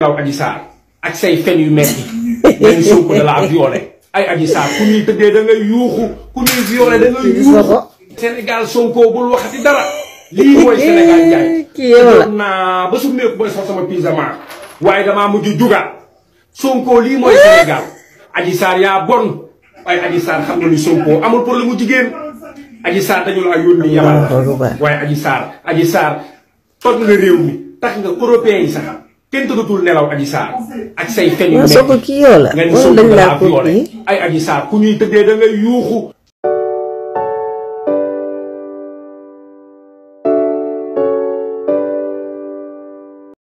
yow Adji Sarr ak yu metti même Sonko da laa ba su meeku bay waaye damaa mujj juga Sonko lii mooy Sénégal Adji yaa bon waaye Adji Sarr xam nga ni Sonko amul problème mu jigéen Adji dañu la yónni yamal waaye Adji toj nga réew mi tax nga européen yi sax kenn tëddatul nelaw Adji Sarr ak say feñu. nekk nga ni soo ko kii yoo la. dañ laa ko kii ay Adji Sarr ku ñuy tëddee da ngay yuuxu.